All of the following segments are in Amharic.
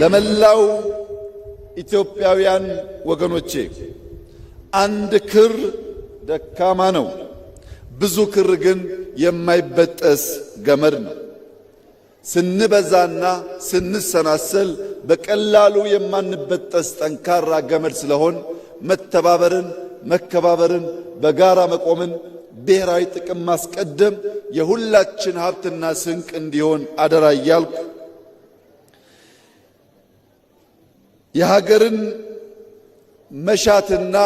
ለመላው ኢትዮጵያውያን ወገኖቼ አንድ ክር ደካማ ነው፣ ብዙ ክር ግን የማይበጠስ ገመድ ነው። ስንበዛና ስንሰናሰል በቀላሉ የማንበጠስ ጠንካራ ገመድ ስለሆን መተባበርን፣ መከባበርን፣ በጋራ መቆምን፣ ብሔራዊ ጥቅም ማስቀደም የሁላችን ሀብትና ስንቅ እንዲሆን አደራ እያልኩ የሀገርን መሻትና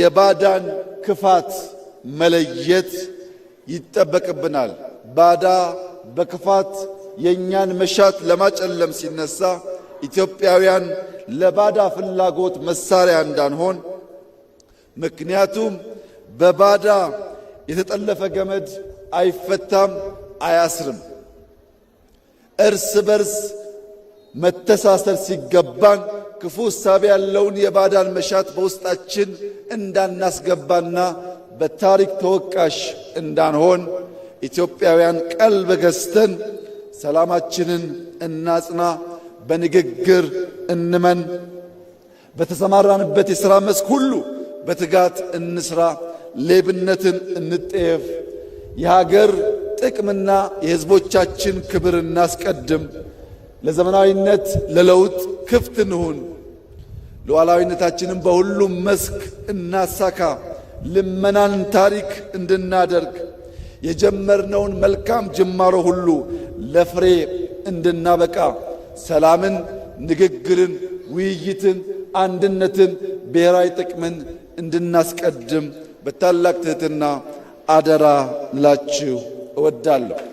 የባዳን ክፋት መለየት ይጠበቅብናል። ባዳ በክፋት የእኛን መሻት ለማጨለም ሲነሳ ኢትዮጵያውያን ለባዳ ፍላጎት መሳሪያ እንዳንሆን፣ ምክንያቱም በባዳ የተጠለፈ ገመድ አይፈታም፣ አያስርም። እርስ በርስ መተሳሰር ሲገባን ክፉ እሳቤ ያለውን የባዳን መሻት በውስጣችን እንዳናስገባና በታሪክ ተወቃሽ እንዳንሆን ኢትዮጵያውያን ቀልብ ገዝተን ሰላማችንን እናጽና፣ በንግግር እንመን፣ በተሰማራንበት የሥራ መስክ ሁሉ በትጋት እንስራ፣ ሌብነትን እንጠየፍ፣ የሀገር ጥቅምና የሕዝቦቻችን ክብር እናስቀድም፣ ለዘመናዊነት ለለውጥ ክፍት እንሁን። ሉዓላዊነታችንን በሁሉም መስክ እናሳካ። ልመናን ታሪክ እንድናደርግ የጀመርነውን መልካም ጅማሮ ሁሉ ለፍሬ እንድናበቃ ሰላምን፣ ንግግርን፣ ውይይትን፣ አንድነትን፣ ብሔራዊ ጥቅምን እንድናስቀድም በታላቅ ትሕትና አደራ ላችሁ እወዳለሁ።